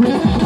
Yeah.